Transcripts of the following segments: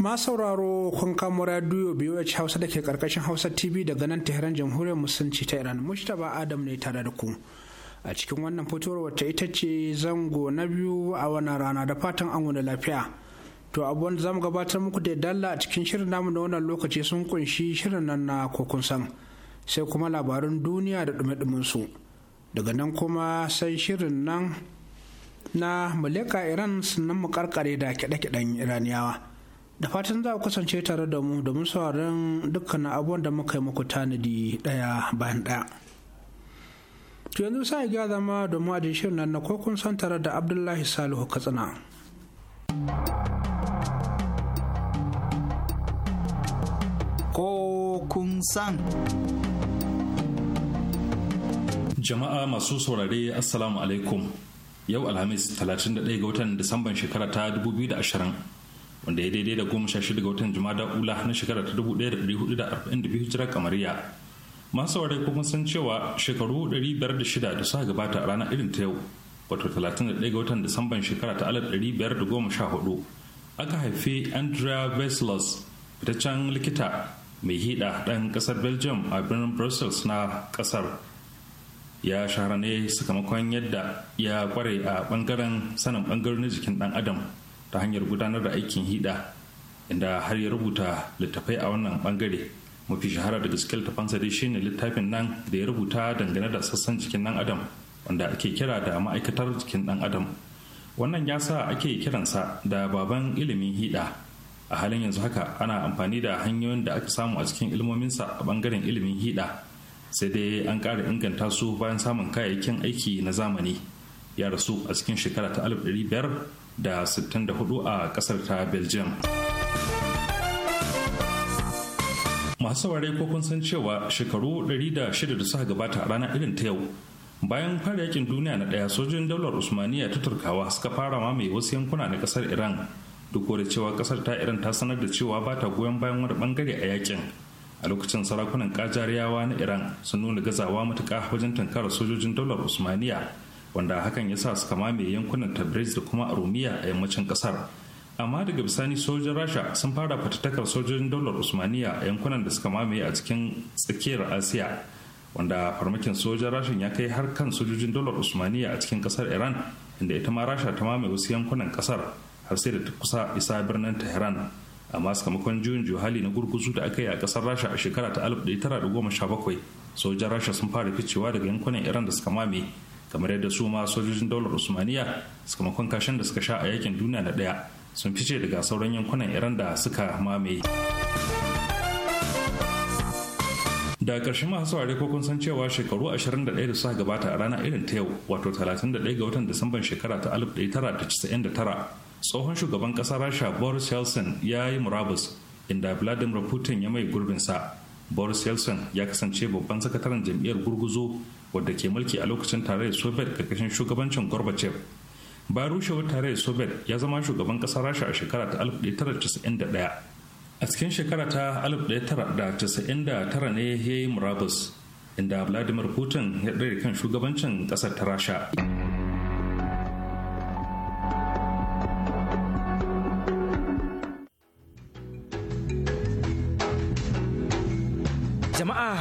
ma sauraro kun kamo radiyo BOH Hausa da ke karkashin Hausa TV daga nan Tehran Jamhuriyar Musulunci ta Iran Mushtaba Adam ne tare da ku. A cikin wannan fitowar wata ita ce zango na biyu a wannan rana da fatan an wani lafiya. To abubuwan da zamu gabatar muku da dalla a cikin shirin namu na wannan lokaci sun kunshi shirin nan na kokun san sai kuma labarin duniya da dume su. Daga nan kuma sai shirin nan na muleka Iran sannan mu karkare da kiɗe-kiɗen Iraniyawa. da fatan za ku kasance tare da mu domin sauran dukkanin abubuwan da muka yi muku tanadi ɗaya bayan ɗaya. To yanzu sai ga zama domin ajin shirin nan na kokun san tare da Abdullahi Salihu Katsina. Kokun san. Jama'a masu saurare Assalamu alaikum. Yau Alhamis 31 ga watan Disamban shekara ta 2020 wanda ya daidai da goma sha shida ga watan jumada ula na shekara ta dubu ɗaya da ɗari hudu da arba'in da biyu hijira kamariya masu ware kuma san cewa shekaru ɗari biyar da shida da suka gabata a ranar irin ta yau wato talatin da ɗaya ga watan disamban shekara ta alif ɗari biyar da goma sha hudu aka haifi andrea veselos fitaccen likita mai hida ɗan ƙasar belgium a birnin brussels na ƙasar ya shahara ne sakamakon yadda ya kware a ɓangaren sanin ɓangarorin jikin ɗan adam ta hanyar gudanar da aikin hida inda har ya rubuta littafai a wannan bangare mafi shahara da gaske littafansa dai shine littafin nan da ya rubuta dangane da sassan jikin dan adam wanda ake kira da ma'aikatar jikin dan adam wannan ya sa ake kiransa da baban ilimin hida a halin yanzu haka ana amfani da hanyoyin da aka samu a cikin ilmominsa a bangaren ilimin hida sai dai an ƙara inganta su bayan samun kayayyakin aiki na zamani ya rasu a cikin shekara ta alif ɗari biyar. da 64 a kasar ta belgium masu saurare ko kun san cewa shekaru 106 da suka gabata a rana irin ta yau bayan fara yakin duniya na daya sojojin daular usmaniya ta turkawa suka fara mamaye wasu yankuna na kasar iran duk da cewa kasar ta iran ta sanar da cewa ba ta goyon bayan wani bangare a yakin a lokacin sarakunan kajariyawa na iran sun nuna gazawa matuka wajen tankara sojojin daular usmaniya wanda hakan ya sa suka mamaye yankunan tabriz da kuma arumiya a yammacin kasar amma daga bisani sojin rasha sun fara fatattakar sojojin daular usmaniya a yankunan da suka mamaye a cikin tsakiyar asiya wanda farmakin sojan rashin ya kai har kan sojojin daular usmaniya a cikin kasar iran inda ita ma rasha ta mamaye wasu yankunan kasar har sai da ta kusa isa birnin tehran amma sakamakon juyin juhali na gurguzu da aka yi a kasar rasha a shekara ta 1917 sojan rasha sun fara ficewa daga yankunan iran da suka mamaye kamar yadda su ma sojojin daular usmaniya sakamakon kashin da suka sha a yakin duniya na daya sun fice daga sauran yankunan iran da suka mamaye da karshen masu saurare ko kun san cewa shekaru 21 da suka gabata a rana irin ta yau wato 31 ga watan disamban shekara ta 1999 tsohon shugaban ƙasar rasha boris yeltsin ya yi murabus inda vladimir putin ya mai gurbinsa boris yeltsin ya kasance babban sakataren jam'iyyar gurguzo wadda ke mulki a lokacin tarayyar soviet karkashin shugabancin gorbachev bayan rushewar tarayyar soviet ya zama shugaban kasar rasha a shekara ta 1991 a cikin shekara ta 1999 ne ya yi murabus inda vladimir putin ya ɗaya kan shugabancin ƙasar ta rasha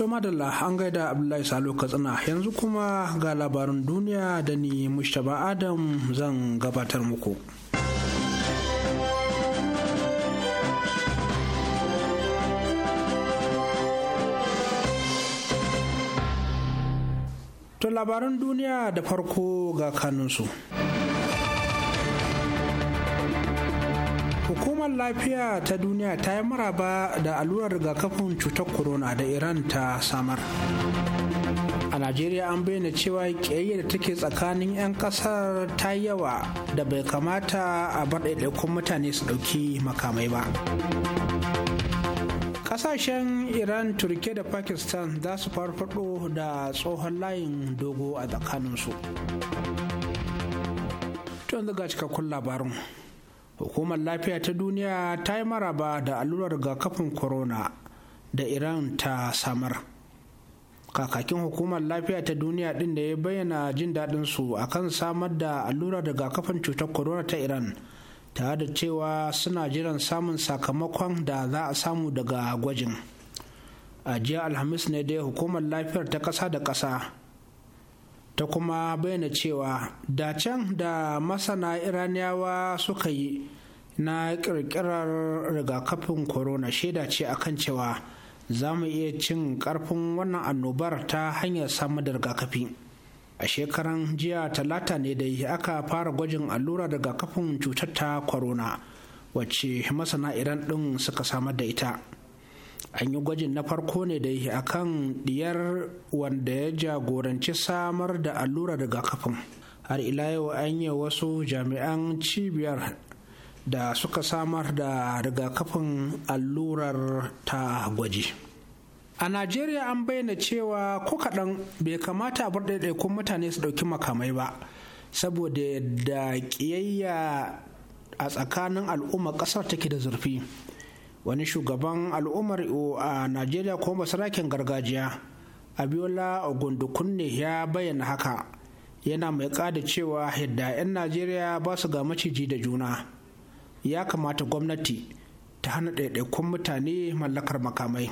To madalla an gaida Abdullahi Salo Katsina yanzu kuma ga labarin duniya da ni Mustapha Adam zan gabatar muku. To labaran duniya da farko ga kanunsu. hukumar lafiya ta duniya ta yi maraba da allurar rigakafin cutar corona da iran ta samar a najeriya an bayyana cewa kiyayya da take tsakanin 'yan ƙasar ta yawa da bai kamata a bar ɗaiɗaikun mutane su ɗauki makamai ba kasashen iran Turkiyya, da pakistan za su farfado da tsohon layin dogo a tsakaninsu. To ga cikakkun labarin. hukumar lafiya ta duniya ta yi maraba da allurar rigakafin corona da iran ta samar kakakin hukumar lafiya ta duniya din da ya bayyana jin daɗin su akan samar da allurar rigakafin cutar corona ta iran tare da cewa suna jiran samun sakamakon da za a samu daga gwajin a jiya alhamis ne dai hukumar lafiyar ta ƙasa da ƙasa ta kuma bayyana cewa dacen da masana iraniyawa suka yi na kirkirar rigakafin corona shaida ce a kan cewa za mu iya cin karfin wannan annobar ta hanyar samun da rigakafi a shekaran jiya talata ne da aka fara gwajin allura rigakafin cutar ta corona wacce masana iran ɗin suka samar da ita an yi gwajin na farko ne da a kan diyar wanda ya jagoranci samar da allura rigakafin har ila yau an yi wasu jami'an cibiyar da suka samar da rigakafin allurar ta gwaji a najeriya an bayyana cewa ko kaɗan bai kamata a bar ɗaiɗaikun mutane su ɗauki makamai ba saboda yadda ƙiyayya a tsakanin al'umma ƙasar take da zurfi wani shugaban al'ummar a najeriya ko masarakin gargajiya abiola ogundukunne ya bayyana haka yana mai kada cewa yadda 'yan najeriya ba su ga maciji da juna ya kamata gwamnati ta hana ɗaiɗaikun mutane mallakar makamai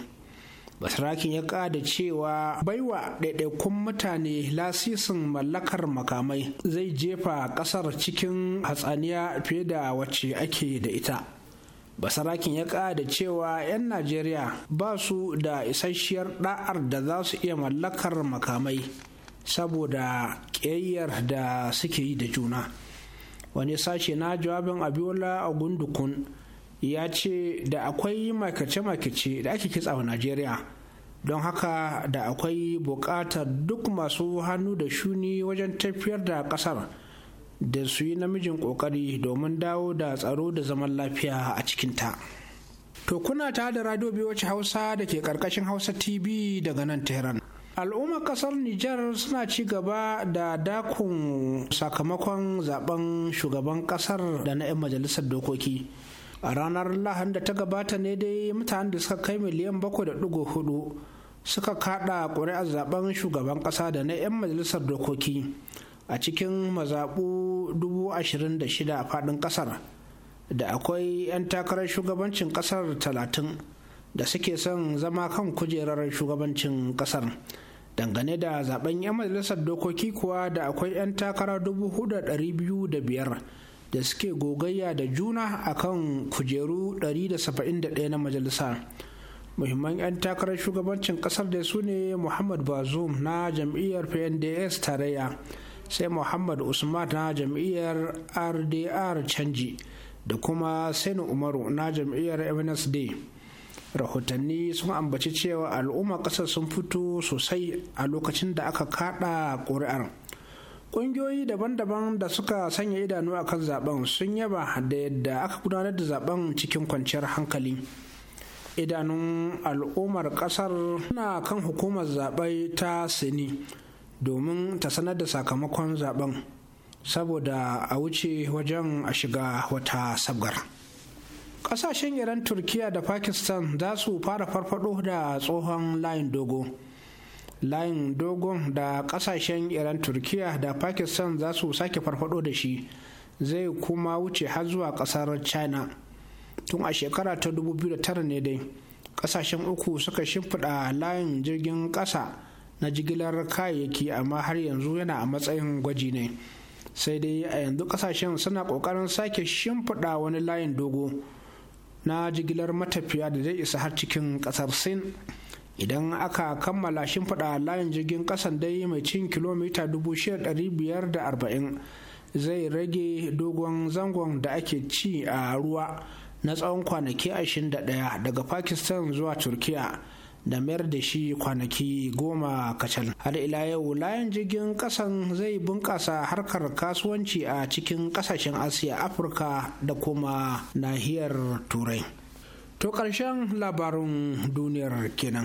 basarakin ya kada cewa baiwa ɗaiɗaikun mutane lasisin mallakar makamai zai jefa ƙasar cikin hatsaniya fiye da wacce ake da ita basarakin ya da cewa 'yan najeriya ba su da isasshiyar da'ar da za su iya mallakar makamai saboda ƙeyyar da suke yi da juna wani sashe na jawabin abiola a gundukun ya ce da akwai makace-makace da ake kitsa wa najeriya don haka da akwai buƙatar duk masu hannu da shuni wajen tafiyar da ƙasar da su yi namijin kokari domin dawo da tsaro da zaman lafiya a cikinta. To kuna ta da radio wacce Hausa da ke karkashin Hausa TV daga nan Tehran. Al'ummar kasar Nijar suna ci gaba da dakun sakamakon zaben shugaban kasar da na 'yan majalisar dokoki. A ranar Lahan da ta gabata ne dai mutanen da suka kai miliyan bakwai da ɗigo hudu suka kaɗa ƙuri'ar zaben shugaban ƙasa da na 'yan majalisar dokoki. a cikin mazaɓu 26 a faɗin ƙasar da akwai 'yan takarar shugabancin ƙasar 30 da suke son zama kan kujerar shugabancin ƙasar dangane da zaben 'yan majalisar dokoki kuwa da akwai 'yan takara 4,205 da suke gogayya da juna a kan kujeru 171 na majalisa muhimman 'yan takarar shugabancin kasar da su ne muhammad bazoum na jam'iyyar pnds tarayya sai muhammad usman na jam'iyyar rdr canji da kuma sani umaru na jam'iyyar msd rahotanni sun ambaci cewa al'umma ƙasar sun fito sosai a lokacin da aka kada ƙuri'ar ƙungiyoyi daban-daban da suka sanya idanu a kan zaben sun yaba da yadda aka gudanar da zaben cikin kwanciyar hankali idanun al'ummar ƙasar na kan hukumar zaɓe ta sini domin ta sanar da sakamakon zaben saboda a wuce wajen a shiga wata sabgar kasashen iran turkiya da pakistan za su fara farfado da tsohon layin dogo layin dogon da kasashen iran turkiya da pakistan za su sake farfado da shi zai kuma wuce har zuwa kasar china tun a shekara ta 2009 ne dai kasashen uku suka shimfiɗa layin jirgin ƙasa na jigilar kayayyaki amma har yanzu yana a matsayin gwaji ne sai dai a yanzu kasashen suna kokarin sake shimfiɗa wani layin dogo na jigilar matafiya da zai isa har cikin ƙasar sin idan aka kammala shimfiɗa layin jirgin kasan dai mai cin kilomita 6,540 zai rage dogon zangon da ake ci a ruwa na tsawon kwanaki 21 daga pakistan zuwa turkiya da mayar da shi kwanaki goma kacal har ila yau layan jirgin kasan zai bunkasa harkar kasuwanci a cikin ƙasashen asiya afirka da kuma nahiyar turai to ƙarshen labarin duniyar kenan.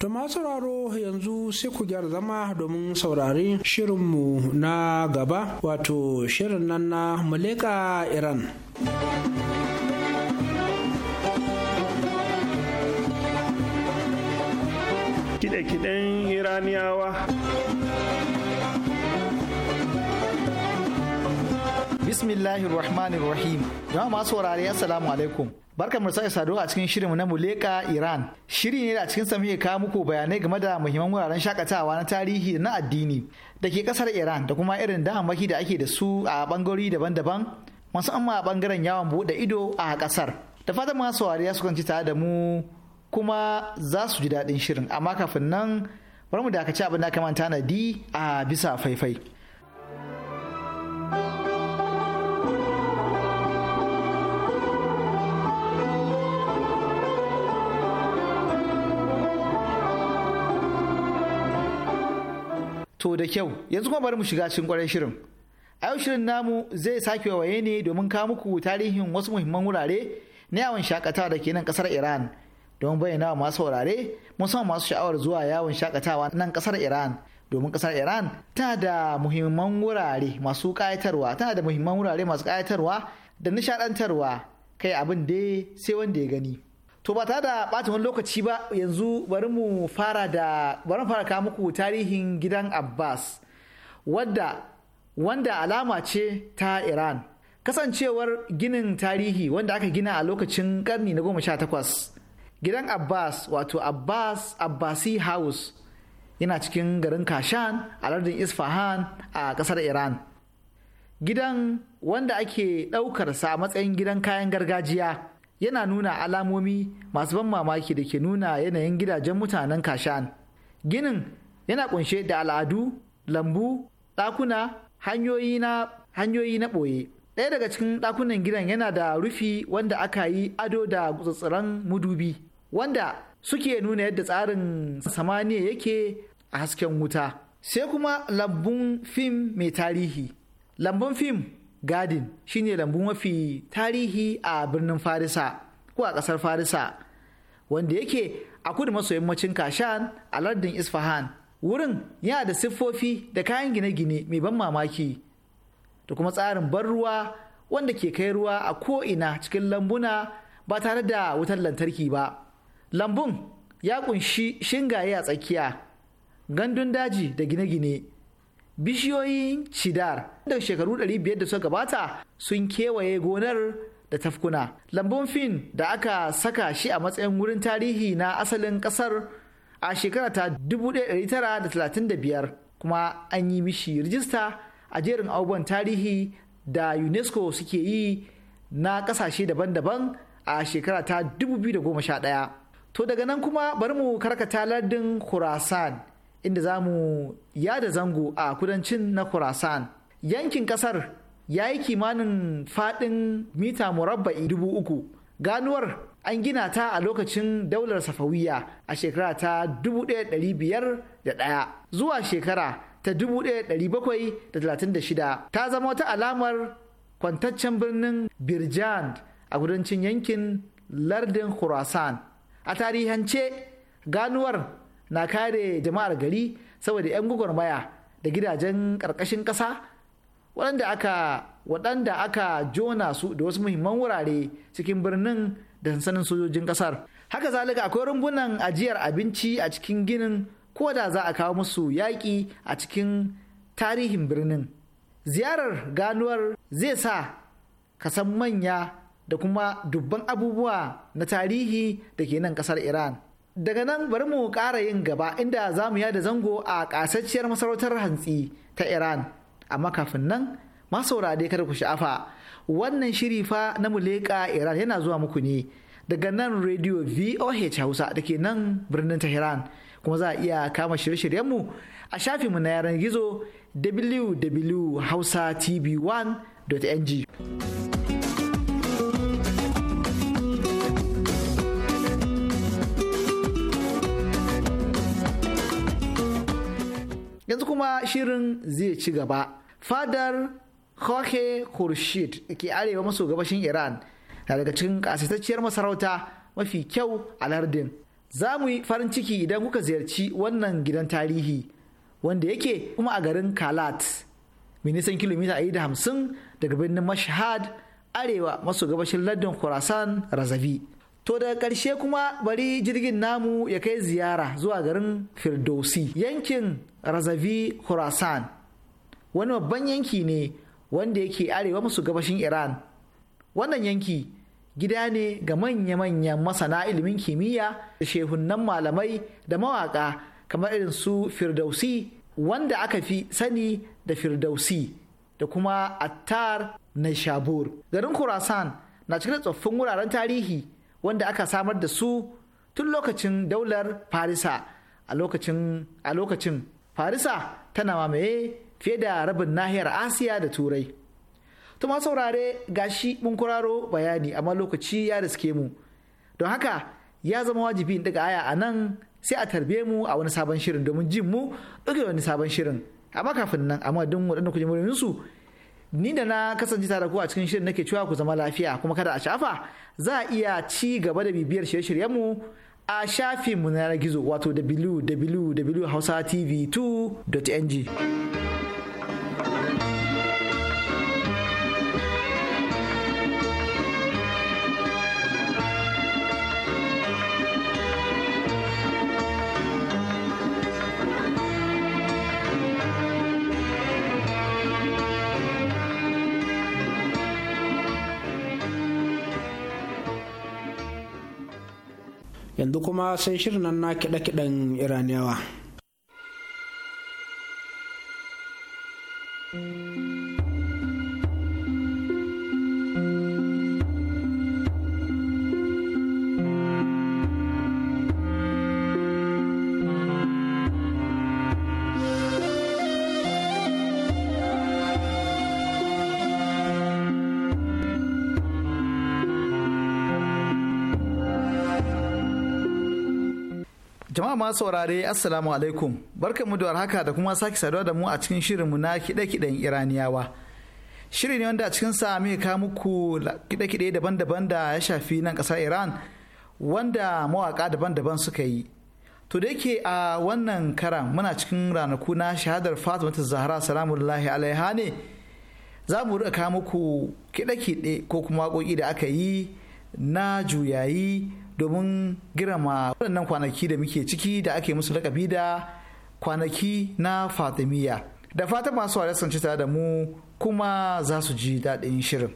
To masu sauraro yanzu sai ku gyara zama domin saurari shirinmu na gaba wato shirin nan na Muleka Iran. kide kiɗen Iraniyawa. Bismillahirrahmanirrahim. Jama'a masu wurare, Assalamu alaikum. barka mu sake saduwa a cikin shirinmu na Muleka Iran. Shiri ne da a cikin sa muke muku bayanai game da muhimman wuraren shakatawa na tarihi na addini da ke kasar Iran da kuma irin damammaki da ake da su a bangarori daban-daban amma a bangaren yawon bude ido a kasar. Da fatan ma saurari su ci tare da mu kuma za su ji daɗin shirin amma kafin nan bari mu dakaci abin da aka manta na a bisa faifai. To da kyau, yanzu kuma bari mu shiga cikin kwarai shirin. A yau shirin namu zai sake waye ne domin kawo muku tarihin wasu muhimman wurare na yawon shakatawa da ke nan kasar Iran. Don bayyana wa masu wurare, musamman masu sha'awar zuwa yawon shakatawa nan kasar Iran. Domin kasar Iran tana da muhimman wurare masu kayatarwa, tana da muhimman wurare masu kayatarwa da nishadantarwa kai abin dai sai wanda ya gani. to ba ta da ɓata wani lokaci ba yanzu bari mu fara da bari fara kawo muku tarihin gidan abbas wadda wanda alama ce ta iran kasancewar ginin tarihi wanda aka gina a lokacin karni na goma sha takwas gidan abbas wato abbas abbasi house yana cikin garin kashan a lardin isfahan a ƙasar iran gidan wanda ake ɗaukarsa a matsayin gidan kayan gargajiya yana nuna alamomi masu ban mamaki da ke nuna yanayin gidajen mutanen kashan ginin yana kunshe da al'adu lambu ɗakuna hanyoyi na hanyoyi na ɓoye ɗaya daga cikin ɗakunan gidan yana da rufi wanda aka yi ado da tsatsiran mudubi wanda suke nuna yadda tsarin samaniya yake a hasken wuta sai kuma lambun fim mai tarihi lambun fim gadin shine lambu mafi tarihi a birnin farisa ko a ƙasar farisa wanda yake a kudu maso yammacin kashan a lardin isfahan wurin yana da siffofi da kayan gine-gine mai ban mamaki da kuma tsarin ban ruwa wanda ke kai ruwa a ko'ina cikin lambuna ba tare da wutar lantarki ba lambun ya kunshi shingaye a tsakiya gandun daji da gine-gine bishiyoyin cidar da shekaru 500 da suka gabata sun kewaye gonar da tafkuna lambun fin da aka saka shi a matsayin wurin tarihi na asalin kasar a shekara ta 1935 kuma an yi mishi rijista a jerin abubuwan tarihi da unesco suke yi na kasashe daban-daban a shekara ta 2011 to daga nan kuma bari mu karkata lardin khurasan inda za mu yada zango a kudancin na Khurasan. Yankin kasar ya yi kimanin faɗin mita murabba'i dubu uku. Ganuwar an gina ta a lokacin daular safawiya a shekara ta dubu da biyar ɗaya zuwa shekara ta dubu da da talatin shida. ta zama wata alamar kwantaccen birnin birjan a kudancin yankin lardin khurasan a tarihance ganuwar na kare jama'ar gari saboda 'yan gwagwarmaya da gidajen ƙarƙashin ƙasa waɗanda aka waɗanda aka jona su da wasu muhimman wurare cikin birnin da sansanin sojojin ƙasar haka zalika akwai rumbunan ajiyar abinci a cikin ginin ko da za a kawo musu yaƙi a cikin tarihin birnin ziyarar ganuwar zai sa ka san manya da kuma dubban abubuwa na tarihi da ke nan ƙasar iran daga nan bari mu ƙara yin gaba inda za mu yada zango a ƙasacciyar masarautar hantsi ta iran amma kafin nan masaurare kada ku sha'afa wannan shiri fa na mu leƙa iran yana zuwa muku ne daga nan radio voh hausa da ke nan birnin tehran kuma za a iya kama shirye-shiryenmu a mu na yaran gizo www.hausatv1.ng yanzu kuma shirin zai ci gaba fadar Jorge Khurshid ke arewa maso gabashin Iran na daga cikin kasaitacciyar masarauta mafi kyau a lardin. Za mu yi farin ciki idan kuka ziyarci wannan gidan tarihi wanda yake kuma a garin Kalat. Mai nisan kilomita ayi da hamsin daga birnin Mashhad arewa maso gabashin lardin Khorasan Razavi. To daga ƙarshe kuma bari jirgin namu ya kai ziyara zuwa garin Firdausi yankin Razavi Khurasan wani babban yanki ne wanda yake arewa masu gabashin Iran. Wannan yanki gida ne ga manya-manyan masana ilimin kimiyya da shehunan malamai da mawaka kamar irin su Firdausi wanda aka fi sani da Firdausi da kuma Attar Nishabur. Garin Khurasan na cikin tsoffin wuraren tarihi. wanda aka samar da su tun lokacin daular farisa a lokacin farisa tana mamaye fiye da rabin nahiyar asiya da turai tuma saurare gashi mun kuraro bayani amma lokaci ya riske mu don haka ya zama wajibi in daga aya a nan sai a tarbe mu a wani sabon shirin domin jin mu ɗauke wani sabon shirin amma kafin nan amma don waɗanda kujemurin su ni da na kasance tare ku a cikin shirin nake cewa ku zama lafiya kuma kada a shafa za a iya ci gaba da bibiyar shirye-shiryenmu a shafinmu na gizo wato www.hausatv2.ng yanzu kuma sai shirin nan na kiɗe-kiɗen iraniyawa ma saurare assalamu alaikum mu da warhaka da kuma sake saduwa da mu a cikin shirinmu na kiɗe kiden iraniyawa shiri ne wanda a cikin sa muke kawo muku kiɗe-kiɗe daban-daban da ya shafi nan ƙasar iran wanda mawaka daban-daban suka yi to da yake a wannan karan muna cikin ranaku na shahadar fatimata zahra salamullahi alaiha ne za mu rika kawo muku kiɗe-kiɗe ko kuma waƙoƙi da aka yi na juyayi domin girma waɗannan kwanaki da muke ciki da ake musu lakabi da kwanaki na fatimiyya da fata masu wa sun tare da mu kuma za su ji daɗin shirin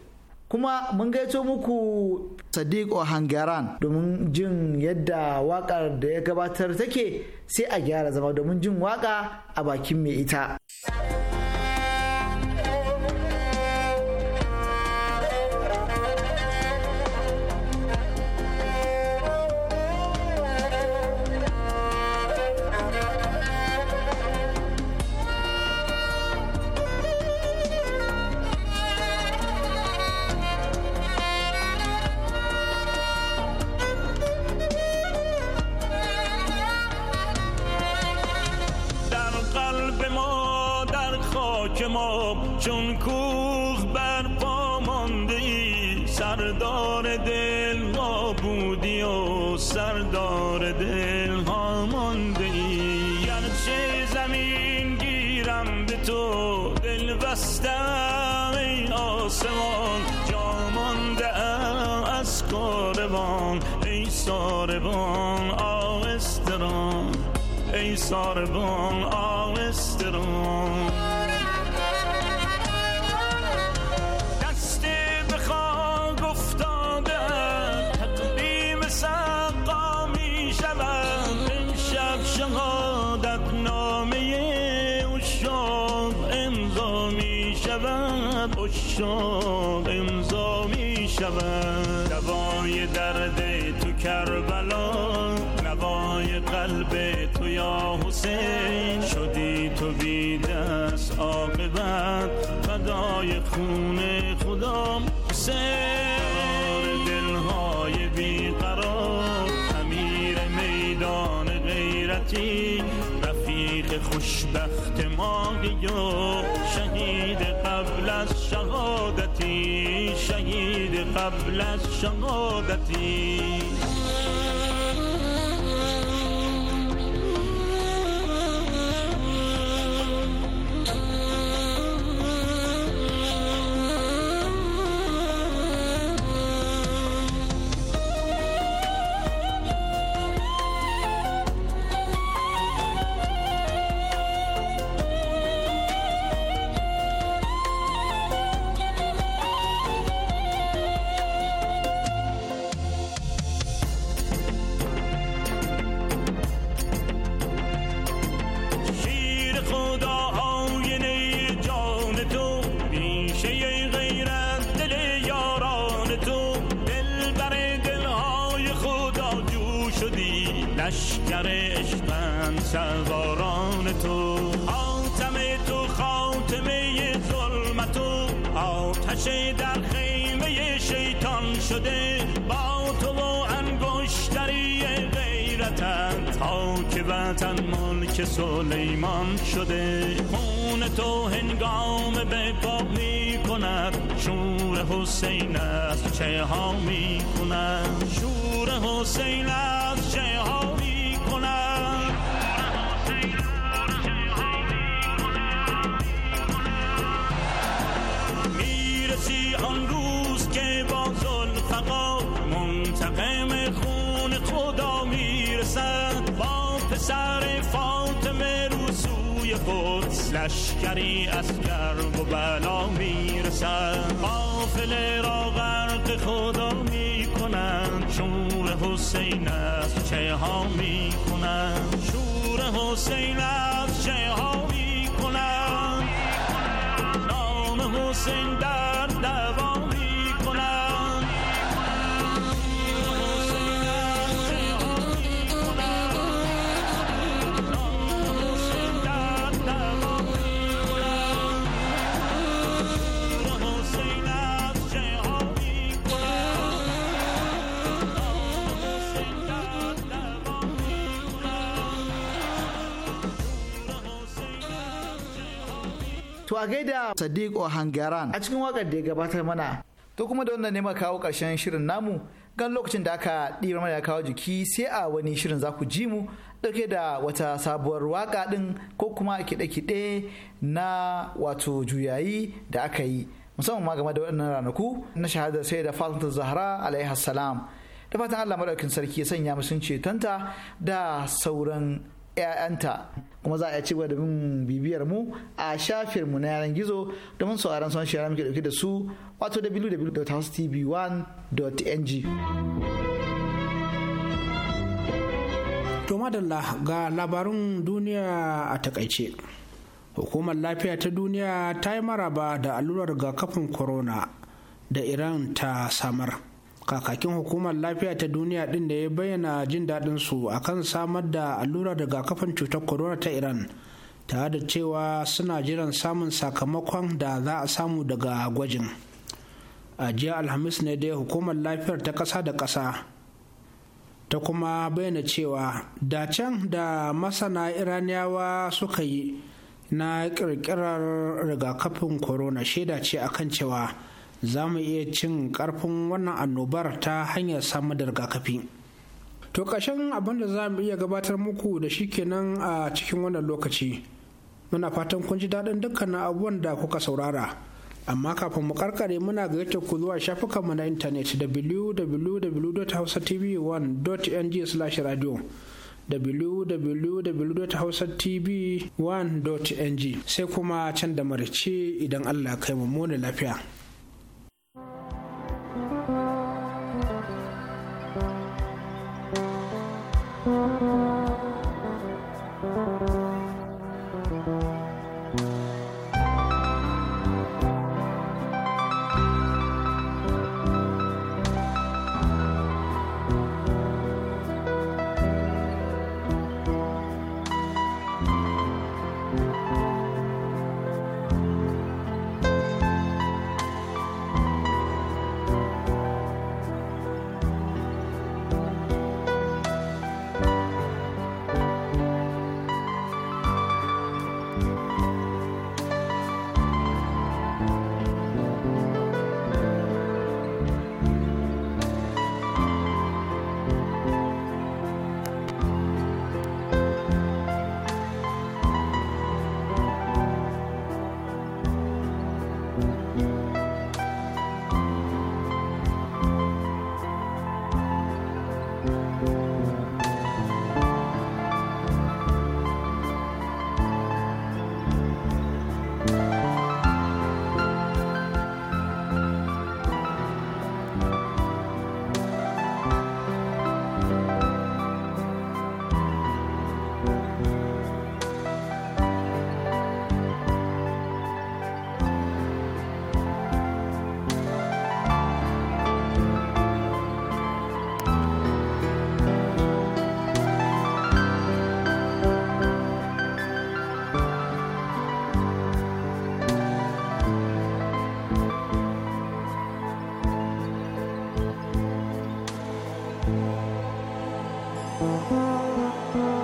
kuma mun gaito muku sadiq ohangaran domin jin yadda waƙar da ya gabatar take sai a gyara zama domin jin waƙa a bakin mai ita. چون کوخ بر پا مانده ای سردار دل ما بودی و سردار دل ها مانده ای گرچه زمین گیرم به تو دل بستم ای آسمان جا مانده از کاروان ای ساربان آستران ای ساربان امزا امضا می شود دوای درد تو کربلا نوای قلب تو یا حسین شدی تو بی دست عاقبت فدای خون خدا حسین آره دلهای بیقرار امیر میدان غیرتی رفیق خوشبخت ما از شهادتی شهید قبل از شهادتی که سلیمان شده خون تو هنگام پاپ می کند شور حسین است چه ها می کند شور حسین است لشکری از کرب و بلا میرسد قافل را غرق خدا میکنند شور حسین از چه ها میکنند شور حسین از چه ها میکنند نام حسین to a gaida sadiq ohangaran a cikin wakar da ya gabatar mana to kuma da wannan ne kawo karshen shirin namu gan lokacin da aka ɗiba mana ya kawo jiki sai a wani shirin za ku ji mu ɗauke da wata sabuwar waka ɗin ko kuma kiɗe-kiɗe na wato juyayi da aka yi musamman ma game da waɗannan ranaku na shahadar sai da fatan zahra alaihi salam da fatan allah maɗaukin sarki ya sanya musun cetonta da sauran 'ya'yanta kuma za a ci gaba da bin bibiyar mu a shafin mu na yanar gizo domin sauraron son shirya muke dauke da su wato wwwtv 1ng To madalla ga labarun duniya a takaice. Hukumar lafiya ta duniya ta yi maraba da allurar ga kafin corona da Iran ta samar. kakakin hukumar lafiya ta duniya din da ya bayyana jin daɗin su akan samar da allura daga rigakafin cutar corona ta iran tare da cewa suna jiran samun sakamakon da za a samu daga gwajin a jiya alhamis ne dai hukumar lafiyar ta ƙasa da ƙasa ta kuma bayyana cewa da can da masana iraniyawa suka yi na ƙirƙirar rigakafin corona shaida ce akan cewa za mu iya cin karfin wannan annobar ta hanyar samun da rigakafi to ƙarshen abin da za mu iya gabatar muku da shi kenan a cikin wannan lokaci muna fatan kun ji daɗin dukkanin abubuwan da kuka saurara amma kafin mu karkare muna yadda ku zuwa shafukanmu na intanet www.hausatv1.ng/radio www.hausatv1.ng sai kuma can da marice idan Allah kai mu lafiya. Thank you.